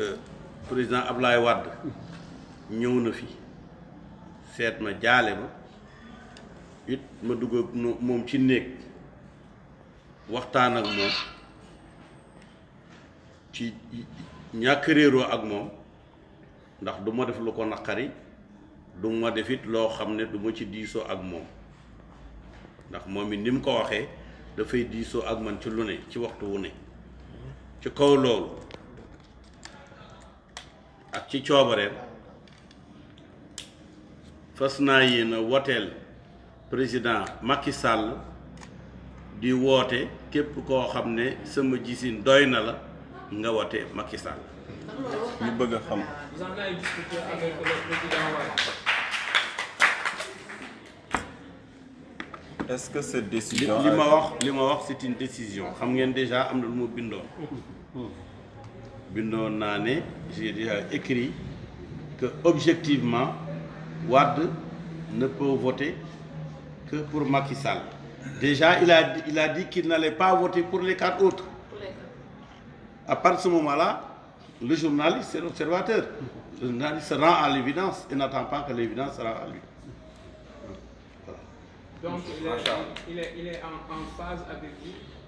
Euh, président Ablaye Wade ñëw na fi seet ma jaale ma it ma dugg moom ci néeg waxtaan ak moom ci ñàkk réeroo ak moom ndax du ma def lu ko naqari du ma def it loo xam ne du ma ci diisoo ak moom ndax moom it ni mu ko waxee dafay diisoo ak man ci lu ne ci waxtu wu ne ci kaw loolu ci coobareem fas naa yéen a woteel président Macky sàll di woote képp koo xam ne sama gisin doy na la nga wote Macky Sall ñu bëgg a xam est-ce que cette li ma wax li ma décision xam ngeen déjà am na lu mu bindoon bindoon naa ne j'ai déjà écrit que objectivement Wade ne peut voter que pour Macky Sall. Déjà, il a, il a dit qu'il n'allait pas voter pour les quatre autres. À partir de ce moment-là, le journaliste, c'est l'observateur. Le journaliste se rend à l'évidence et n'attend pas que l'évidence se à lui. en, en phase avec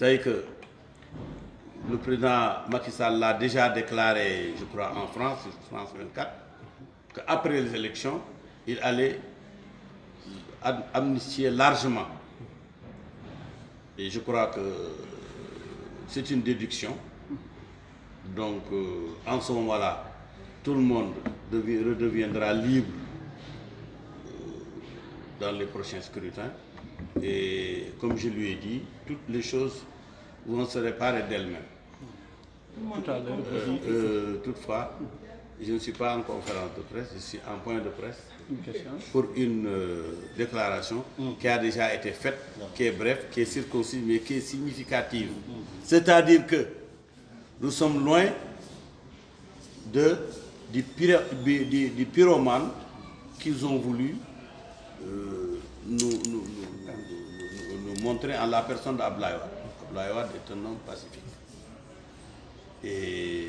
C'est que le président Macky Sall l'a déjà déclaré, je crois, en France, France 24, qu'après les élections, il allait amnistier largement. Et je crois que c'est une déduction. Donc, euh, en ce moment tout le monde redeviendra libre euh, dans les prochains scrutins. Et comme je lui ai dit, toutes les choses vont se réparer d'elles-mêmes. Euh, euh, toutefois, je ne suis pas en conférence de presse, je suis en point de presse pour une euh, déclaration mm. qui a déjà été faite, qui est brève, qui est circoncise, mais qui est significative. C'est-à-dire que nous sommes loin de, du, pyro, du, qu'ils ont voulu euh, nous, nous, nous, montrer en la personne d'Ablaï Ablaï Wade est un homme pacifique. Et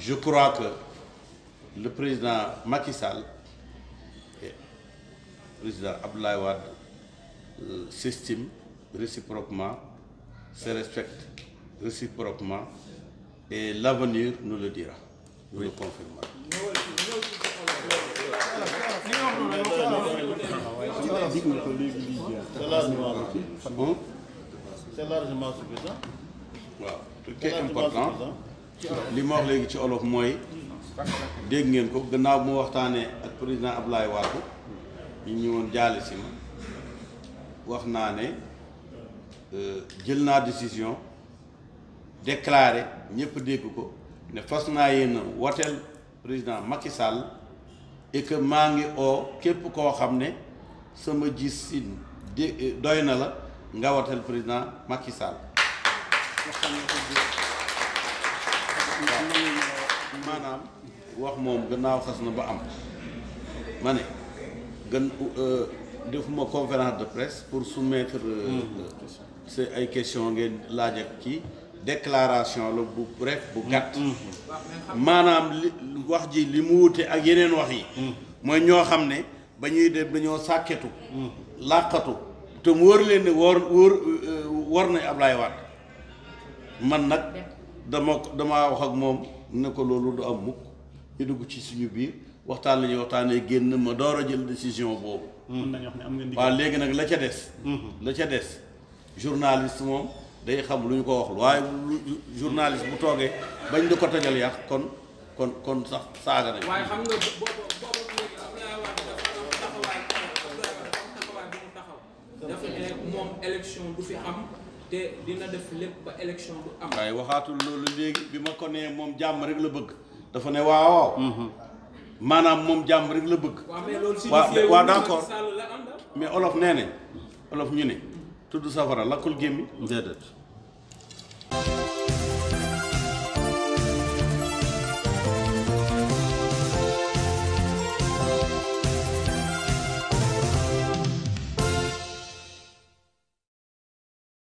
je crois que le président Macky Sall et le président Ablaï Wade euh, réciproquement, se respectent réciproquement et l'avenir nous le dira, nous le confirmera. suffisant. c'est largement suffisant. waaw tout important li ma wax léegi ci olof mooy dégg ngeen ko gannaaw bu ma waxtaanee ak président Abdoulaye Wade ñu ñëwoon jaale si ma wax naa ne euh, jël naa décision déclaré ñëpp dégg ko ne fas naa yéen woteel président Macky Sall et que maa ngi oo képp koo xam ne sama gis si doy na la nga watal président Macky Sall maanaam wax moom gannaaw xas na ba am ma ne gën euh, defuma conférence de presse pour soumettre euh, hmm. c'est ay question ngeen laaj ak ci déclaration la bu bref bu gàtt hmm. maanaam li wax ji li mu wute ak yeneen wax yi hmm. mooy ñoo xam ne ba ñuy dem dañoo sàkketu làqatu te mu wóor leen ne wóor wóor war nañ Ablaye Wade man nag dama ko dama wax ak moom ne ko loolu du am mukk ñu dugg ci suñu biir waxtaan la ñuy waxtaanee génn ma door a jël décision boobu. mën nañu am ngeen waaw léegi nag la ca des. Mhm. la ca des journaliste moom day xam lu ñu ko waxul waaye journaliste bu toogee bañ di ko tajal yàq kon kon kon sax saaga nañu. moom élection du fi am te dina def lépp ba élection du am. waaye waxaatul loolu léegi bi ma ko nee moom jàmm rek la bëgg dafa ne waaw waaw. Mhm. maanaam moom jàmm rek la bëgg. waaw mais loolu waaw d'accord mais olof nee nañ olof ñu ne. tudd safara lakkul gémmi déedéet.